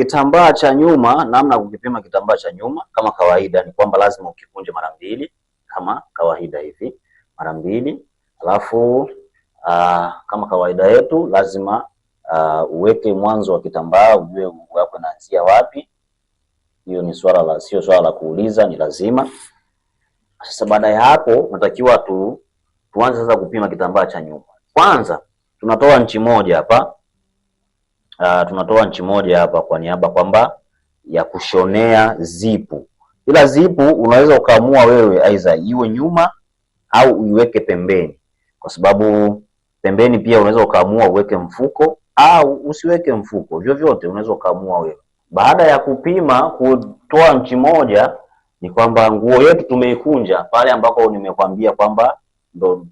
Kitambaa cha nyuma, namna ya kukipima kitambaa cha nyuma kama kawaida ni kwamba lazima ukikunje mara mbili kama kawaida hivi, mara mbili. Alafu uh, kama kawaida yetu lazima uh, uweke mwanzo wa kitambaa, ujue nguo yako inaanzia wapi. Hiyo ni swala la, sio swala la kuuliza, ni lazima. Sasa baada ya hapo natakiwa tu tuanze sasa kupima kitambaa cha nyuma. Kwanza tunatoa nchi moja hapa uh, tunatoa nchi moja hapa kwa niaba kwamba ya kushonea zipu, ila zipu unaweza ukaamua wewe aidha iwe nyuma au uiweke pembeni, kwa sababu pembeni pia unaweza ukaamua uweke mfuko au usiweke mfuko, vyovyote unaweza ukaamua wewe. Baada ya kupima kutoa nchi moja, ni kwamba nguo yetu tumeikunja pale ambako nimekwambia kwamba ndo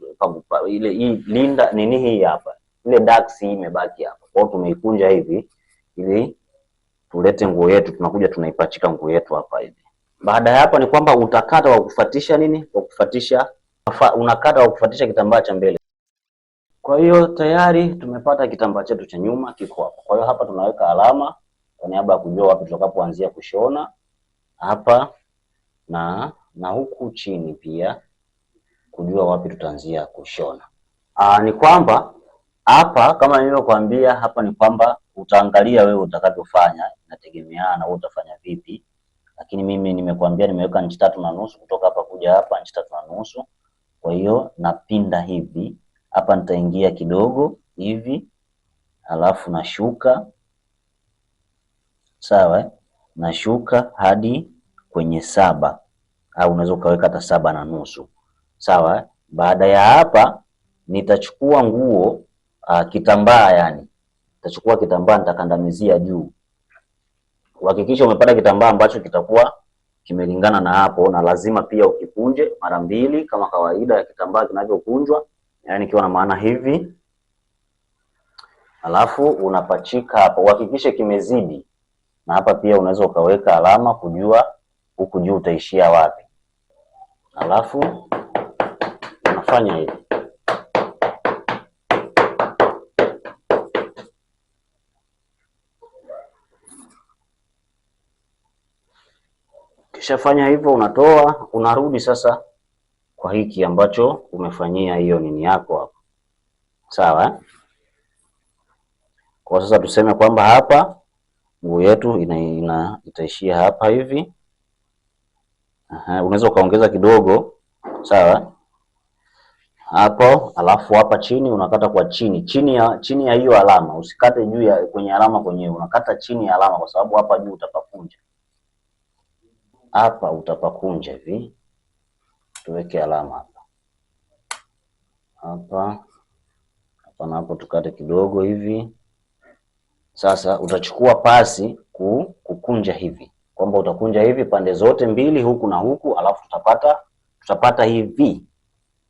ile hii linda nini hii hapa ile daksi imebaki hapa kwao tumeikunja hivi ili tulete nguo yetu, tunakuja tunaipachika nguo yetu hapa hivi. Baada ya hapo ni kwamba utakata wa kufuatisha nini? wa kufuatisha unakata wa kufuatisha kitambaa cha mbele. Kwa hiyo tayari tumepata kitambaa chetu cha nyuma kiko hapa. Kwa hiyo hapa tunaweka alama kwa niaba ya kujua wapi tutakapoanzia kushona hapa na na huku chini pia kujua wapi tutaanzia kushona. Aa, ni kwamba hapa kama nilivyokuambia hapa ni kwamba utaangalia wewe utakavyofanya, inategemeana wewe utafanya vipi, lakini mimi nimekuambia nimeweka nchi tatu na nusu kutoka hapa kuja hapa nchi tatu na nusu. Kwa hiyo napinda hivi hapa, nitaingia kidogo hivi, alafu nashuka sawa, eh? nashuka hadi kwenye saba, au unaweza ukaweka hata saba na nusu sawa. Eh? Baada ya hapa nitachukua nguo uh, kitambaa yani, tachukua kitambaa nitakandamizia juu. Uhakikisha umepata kitambaa ambacho kitakuwa kimelingana na hapo, na lazima pia ukikunje mara mbili kama kawaida ya kitambaa kinavyokunjwa, yani ikiwa na maana hivi. Alafu unapachika hapo, uhakikishe kimezidi, na hapa pia unaweza ukaweka alama kujua huku juu utaishia wapi. Alafu unafanya hivi. Ukishafanya hivyo unatoa, unarudi sasa kwa hiki ambacho umefanyia hiyo nini yako hapo, sawa eh? Kwa sasa tuseme kwamba hapa nguo yetu ina, ina, itaishia hapa hivi. Aha, Unaweza ukaongeza kidogo, sawa eh? hapo, alafu hapa chini unakata kwa chini chini ya chini ya hiyo alama, usikate juu ya kwenye alama kwenyewe, unakata chini ya alama, kwa sababu hapa juu utapakunja hapa utapakunja hivi, tuweke alama hapa hapa hapa na hapo, tukate kidogo hivi. Sasa utachukua pasi ku, kukunja hivi kwamba utakunja hivi pande zote mbili huku na huku, alafu tutapata tutapata hivi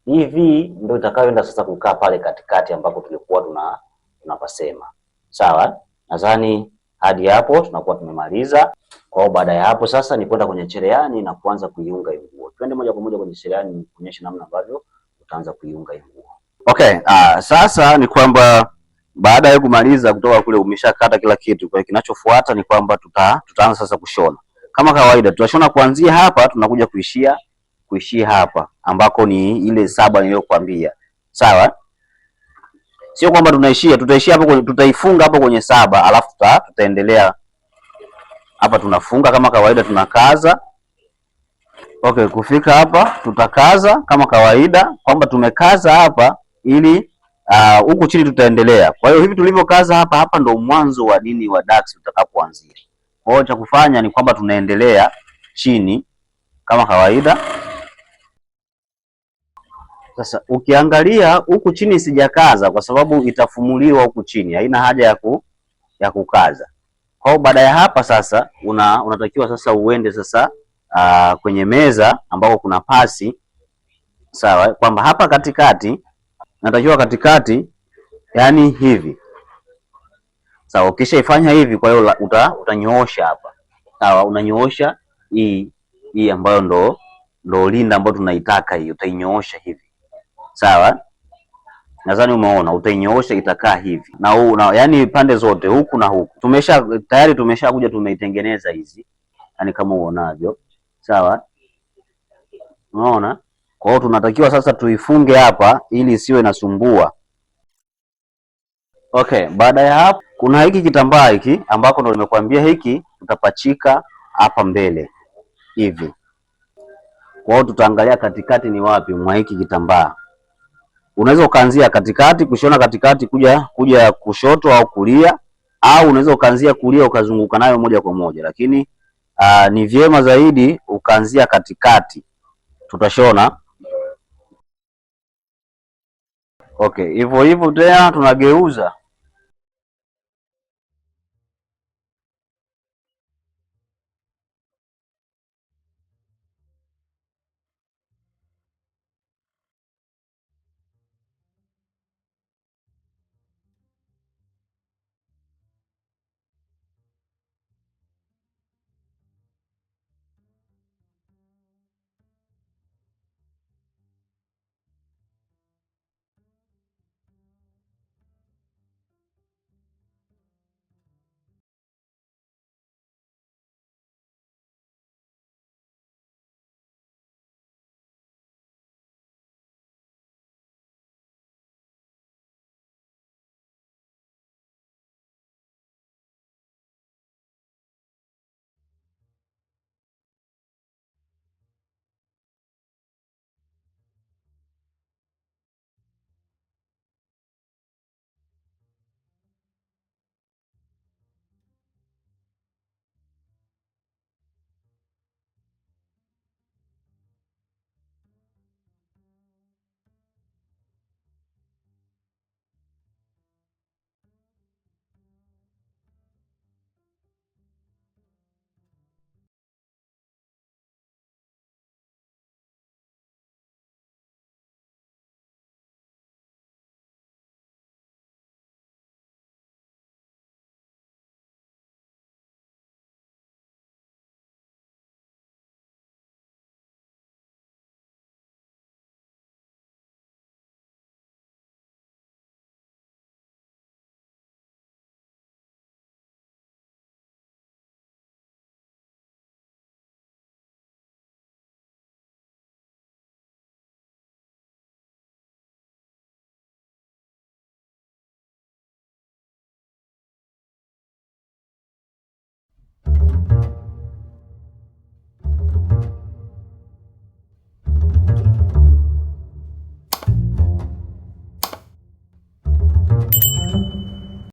hivi, ndio itakayoenda sasa kukaa pale katikati ambako tulikuwa tuna tunapasema. Sawa, nadhani hadi hapo tunakuwa tumemaliza. Kwa hiyo baada ya hapo sasa ni kwenda kwenye cherehani na kuanza kuiunga hiyo nguo. Twende moja kwa moja kwenye cherehani kuonyesha namna ambavyo utaanza kuiunga hiyo nguo. Okay, uh, sasa ni kwamba baada ya kumaliza kutoka kule umeshakata kila kitu, kwa hiyo kinachofuata ni kwamba tuta, tutaanza sasa kushona kama kawaida. Tutashona kuanzia hapa tunakuja kuishia kuishia hapa ambako ni ile saba niliyokuambia, sawa? Sio kwamba tunaishia, tutaishia hapo, tutaifunga hapo kwenye saba, alafu tuta, tutaendelea hapa tunafunga kama kawaida, tunakaza. Okay, kufika hapa tutakaza kama kawaida, kwamba tumekaza hapa ili uh, huku uh, chini tutaendelea. Kwa hiyo hivi tulivyokaza hapa hapa ndo mwanzo wa nini wa DAX utakapoanzia. Kwa hiyo cha kufanya ni kwamba tunaendelea chini kama kawaida. Sasa ukiangalia huku chini sijakaza, kwa sababu itafumuliwa huku chini, haina haja ya ku, ya kukaza. Kwa hiyo baada ya hapa sasa una, unatakiwa sasa uende sasa uh, kwenye meza ambako kuna pasi sawa, kwamba hapa katikati natakiwa katikati, yani hivi sawa. ifanya hivi, kwa hiyo uta, utanyoosha hapa sawa, unanyoosha hii hii ambayo ndo ndo linda ambayo tunaitaka hii, utainyoosha hivi sawa nadhani umeona, utainyoosha itakaa hivi na, na yani pande zote huku na huku tumesha tayari tumesha kuja tumeitengeneza hizi, yani kama uonavyo, sawa. Unaona, kwa hiyo tunatakiwa sasa tuifunge hapa ili isiwe nasumbua. Okay, baada ya hapo kuna hiki kitambaa hiki ambako ndo nimekuambia hiki tutapachika hapa mbele hivi. Kwa hiyo tutaangalia katikati ni wapi mwa hiki kitambaa. Unaweza ukaanzia katikati, kushona katikati kuja kuja kushoto au kulia, au unaweza ukaanzia kulia ukazunguka nayo moja kwa moja, lakini aa, ah, ni vyema zaidi ukaanzia katikati. Tutashona okay, hivyo hivyo tena tunageuza